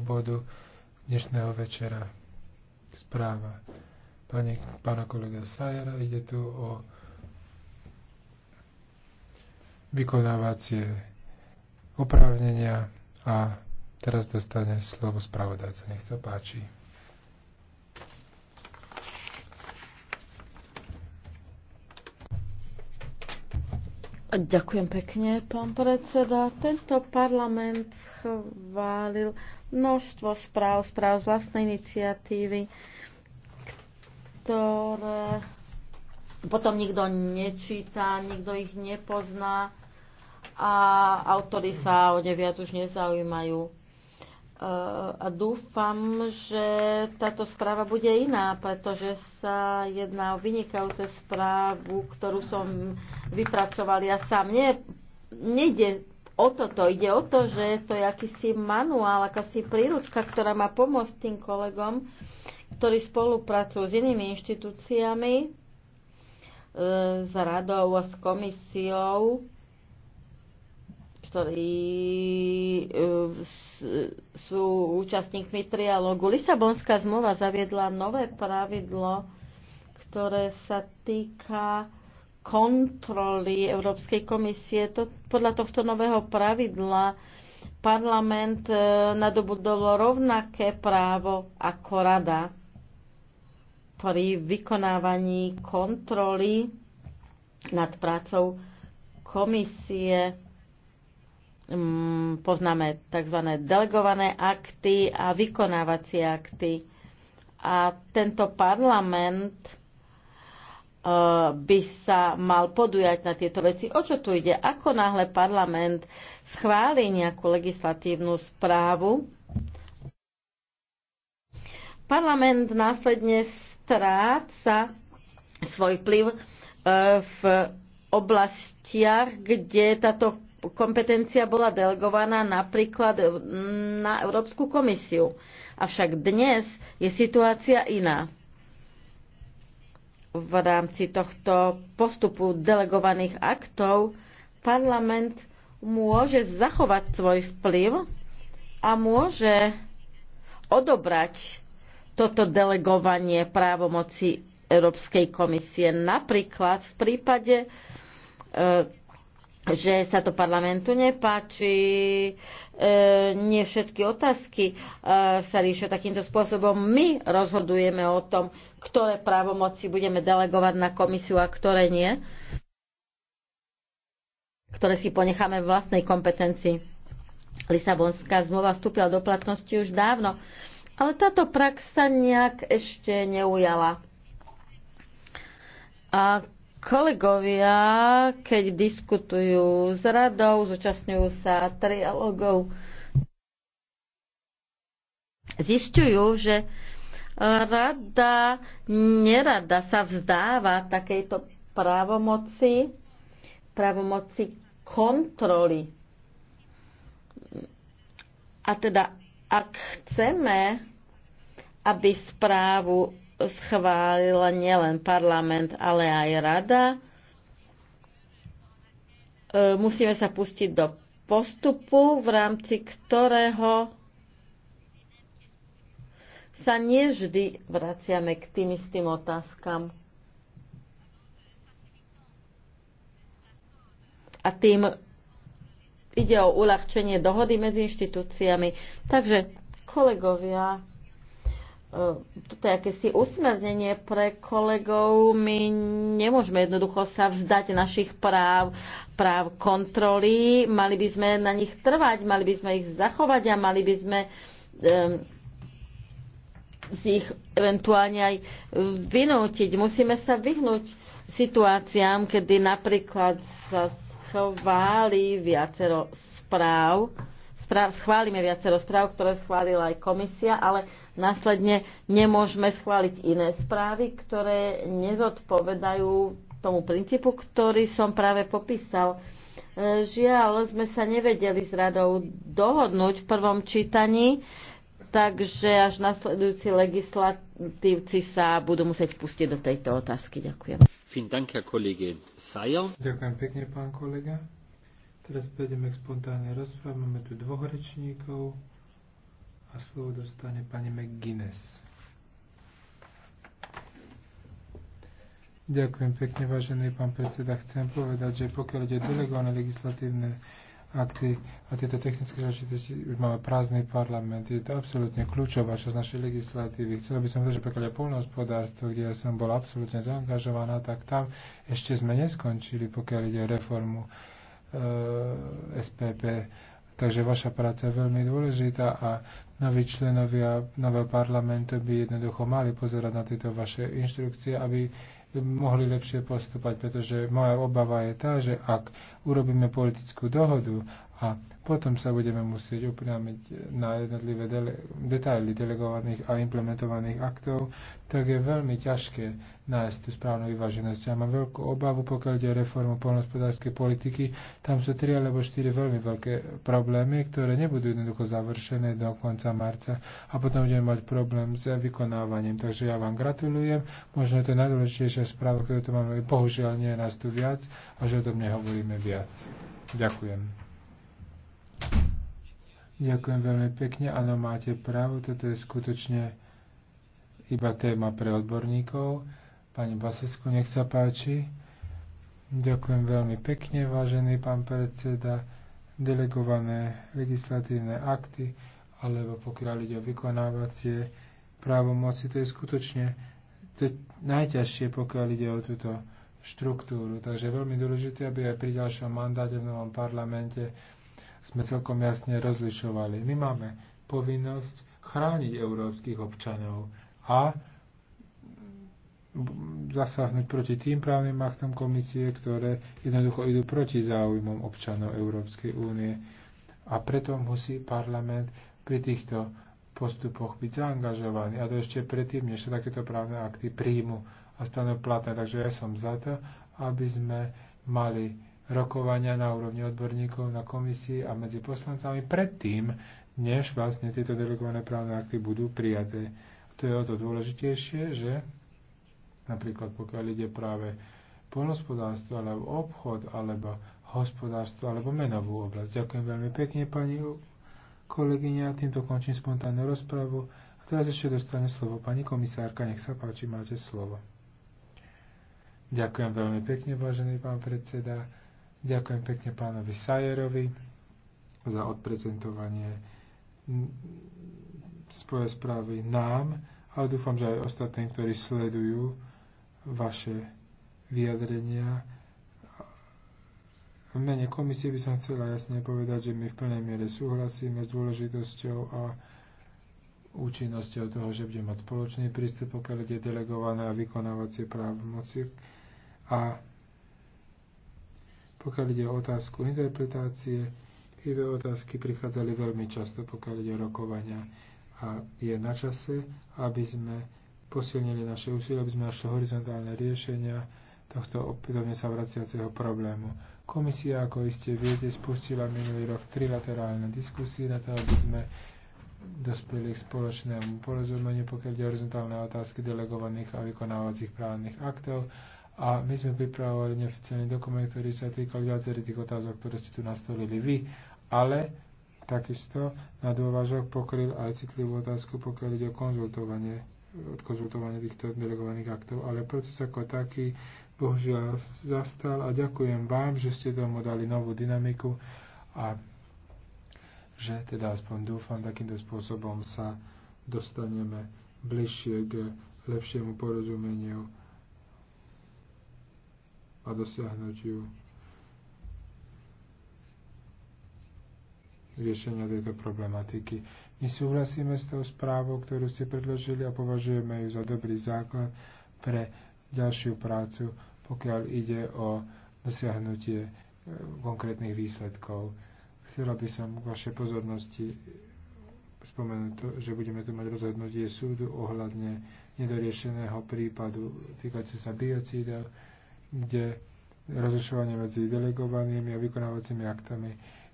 bodu dnešného večera. Správa Pane, pána kolega Sajera. Ide tu o vykonávacie oprávnenia a teraz dostane slovo spravodajca. Nech sa páči. Ďakujem pekne, pán predseda. Tento parlament schválil množstvo správ, správ z vlastnej iniciatívy, ktoré potom nikto nečíta, nikto ich nepozná a autory sa o ne viac už nezaujímajú a dúfam, že táto správa bude iná, pretože sa jedná o vynikajúce správu, ktorú som vypracoval ja sám. Nie, nejde o toto, ide o to, že to je akýsi manuál, akási príručka, ktorá má pomôcť tým kolegom, ktorí spolupracujú s inými inštitúciami, e, s radou a s komisiou, ktorí e, sú účastníkmi trialógu. Lisabonská zmluva zaviedla nové pravidlo, ktoré sa týka kontroly Európskej komisie. To, podľa tohto nového pravidla parlament e, nadobudol rovnaké právo ako rada pri vykonávaní kontroly nad prácou komisie Mm, poznáme tzv. delegované akty a vykonávacie akty. A tento parlament e, by sa mal podujať na tieto veci. O čo tu ide? Ako náhle parlament schváli nejakú legislatívnu správu, parlament následne stráca svoj vplyv e, v oblastiach, kde táto kompetencia bola delegovaná napríklad e, na Európsku komisiu. Avšak dnes je situácia iná. V rámci tohto postupu delegovaných aktov parlament môže zachovať svoj vplyv a môže odobrať toto delegovanie právomoci Európskej komisie. Napríklad v prípade e, že sa to parlamentu nepáči, e, nie všetky otázky e, sa riešia takýmto spôsobom. My rozhodujeme o tom, ktoré právomoci budeme delegovať na komisiu a ktoré nie, ktoré si ponecháme v vlastnej kompetencii. Lisabonská zmluva vstúpila do platnosti už dávno, ale táto prax sa nejak ešte neujala. A Kolegovia, keď diskutujú s radou, zúčastňujú sa trialogov, zistujú, že rada nerada sa vzdáva takejto právomoci, právomoci kontroly. A teda, ak chceme, aby správu schválila nielen parlament, ale aj rada. E, musíme sa pustiť do postupu, v rámci ktorého sa nevždy vraciame k tým istým otázkam. A tým ide o uľahčenie dohody medzi inštitúciami. Takže, kolegovia, Eh, toto je akési usmernenie pre kolegov. My nemôžeme jednoducho sa vzdať našich práv, práv kontroly. Mali by sme na nich trvať, mali by sme ich zachovať a mali by sme um, z ich eventuálne aj eh, vynútiť. Musíme sa vyhnúť situáciám, kedy napríklad sa schváli viacero správ, správ, schválime viacero správ, ktoré schválila aj komisia, ale následne nemôžeme schváliť iné správy, ktoré nezodpovedajú tomu princípu, ktorý som práve popísal. E, žiaľ, sme sa nevedeli s radou dohodnúť v prvom čítaní, takže až nasledujúci legislatívci sa budú musieť pustiť do tejto otázky. Ďakujem. Ďakujem pekne, pán kolega. Teraz prejdeme k spontánnej rozprave. Máme tu dvoch rečníkov a slovo dostane pani McGuinness. Ďakujem pekne, vážený pán predseda. Chcem povedať, že pokiaľ ide delegované legislatívne akty a tieto technické záležitosti, už máme prázdny parlament. Je to absolútne kľúčová časť našej legislatívy. Chcela by som povedať, že pokiaľ je polnohospodárstvo, kde ja som bol absolútne zaangažovaná, tak tam ešte sme neskončili, pokiaľ ide o reformu Eh, SPP. Takže vaša práca je veľmi dôležitá a noví členovia nového parlamentu by jednoducho mali pozerať na tieto vaše inštrukcie, aby mohli lepšie postupať, pretože moja obava je tá, že ak urobíme politickú dohodu a potom sa budeme musieť upriamiť na jednotlivé dele- detaily delegovaných a implementovaných aktov, tak je veľmi ťažké nájsť tú správnu vyváženosť. Ja mám veľkú obavu, pokiaľ ide o reformu polnospodárskej politiky, tam sú tri alebo štyri veľmi veľké problémy, ktoré nebudú jednoducho završené do konca marca a potom budeme mať problém s vykonávaním. Takže ja vám gratulujem, možno je to najdôležitejšia správa, ktorú tu máme, bohužiaľ nie je nás tu viac a že o tom nehovoríme viac. Ďakujem. Ďakujem veľmi pekne. Áno, máte pravdu, toto je skutočne iba téma pre odborníkov. Pani Basesku, nech sa páči. Ďakujem veľmi pekne, vážený pán predseda. Delegované legislatívne akty, alebo pokiaľ ide o vykonávacie právomoci, to je skutočne to je najťažšie, pokiaľ ide o túto štruktúru. Takže je veľmi dôležité, aby aj pri ďalšom mandáte v novom parlamente sme celkom jasne rozlišovali. My máme povinnosť chrániť európskych občanov a zasáhnuť proti tým právnym aktom komisie, ktoré jednoducho idú proti záujmom občanov Európskej únie. A preto musí parlament pri týchto postupoch byť zaangažovaný. A to ešte predtým, než sa takéto právne akty príjmu a stanú platné. Takže ja som za to, aby sme mali rokovania na úrovni odborníkov na komisii a medzi poslancami predtým, než vlastne tieto delegované právne akty budú prijaté. to je o to dôležitejšie, že napríklad pokiaľ ide práve polnospodárstvo alebo obchod alebo hospodárstvo alebo menovú oblasť. Ďakujem veľmi pekne pani kolegyňa, týmto končím spontánnu rozpravu. A teraz ešte dostane slovo pani komisárka, nech sa páči, máte slovo. Ďakujem veľmi pekne, vážený pán predseda. Ďakujem pekne pánovi Sajerovi za odprezentovanie svoje správy nám, ale dúfam, že aj ostatným, ktorí sledujú vaše vyjadrenia. V mene komisie by som chcela jasne povedať, že my v plnej miere súhlasíme s dôležitosťou a účinnosťou toho, že bude mať spoločný prístup, pokiaľ je delegované a vykonávacie právomoci. A pokiaľ ide o otázku interpretácie, tie otázky prichádzali veľmi často, pokiaľ ide o rokovania. A je na čase, aby sme posilnili naše úsilie, aby sme našli horizontálne riešenia tohto opätovne sa vraciaceho problému. Komisia, ako iste viete, spustila minulý rok trilaterálne diskusie na to, aby sme dospeli k spoločnému porozumeniu, pokiaľ ide horizontálne otázky delegovaných a vykonávacích právnych aktov a my sme pripravovali neoficiálny dokument, ktorý sa týkal viacerých tých otázok, ktoré ste tu nastolili vy, ale takisto na dôvažok pokryl aj citlivú otázku, pokiaľ ide o konzultovanie, konzultovanie týchto delegovaných aktov, ale proces ako taký bohužiaľ zastal a ďakujem vám, že ste tomu dali novú dynamiku a že teda aspoň dúfam, takýmto spôsobom sa dostaneme bližšie k lepšiemu porozumeniu a dosiahnuť ju riešenia tejto problematiky. My súhlasíme s tou správou, ktorú ste predložili a považujeme ju za dobrý základ pre ďalšiu prácu, pokiaľ ide o dosiahnutie e, konkrétnych výsledkov. Chcela by som k vašej pozornosti spomenúť to, že budeme tu mať rozhodnutie súdu ohľadne nedoriešeného prípadu týkajúce sa biocídov kde rozlišovanie medzi delegovanými a vykonávacími aktami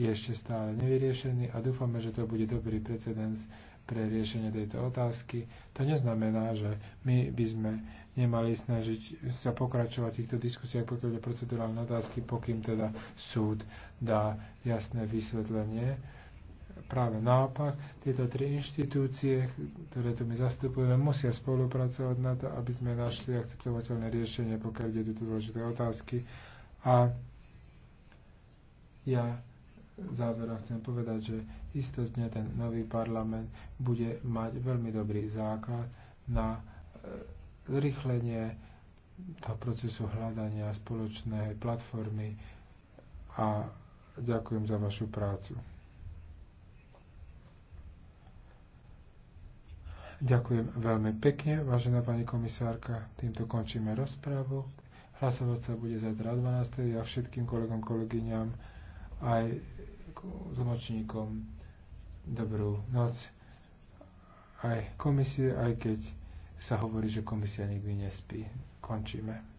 je ešte stále nevyriešený a dúfame, že to bude dobrý precedens pre riešenie tejto otázky. To neznamená, že my by sme nemali snažiť sa pokračovať v týchto diskusiách, pokiaľ je procedurálne otázky, pokým teda súd dá jasné vysvetlenie práve naopak, tieto tri inštitúcie, ktoré tu my zastupujeme, musia spolupracovať na to, aby sme našli akceptovateľné riešenie, pokiaľ ide tu dôležité otázky. A ja záverom chcem povedať, že istotne ten nový parlament bude mať veľmi dobrý základ na e, zrychlenie toho procesu hľadania spoločnej platformy a ďakujem za vašu prácu. Ďakujem veľmi pekne, vážená pani komisárka. Týmto končíme rozprávu. Hlasovať sa bude zajtra 12. Ja všetkým kolegom, kolegyňam aj zločníkom dobrú noc. Aj komisie, aj keď sa hovorí, že komisia nikdy nespí. Končíme.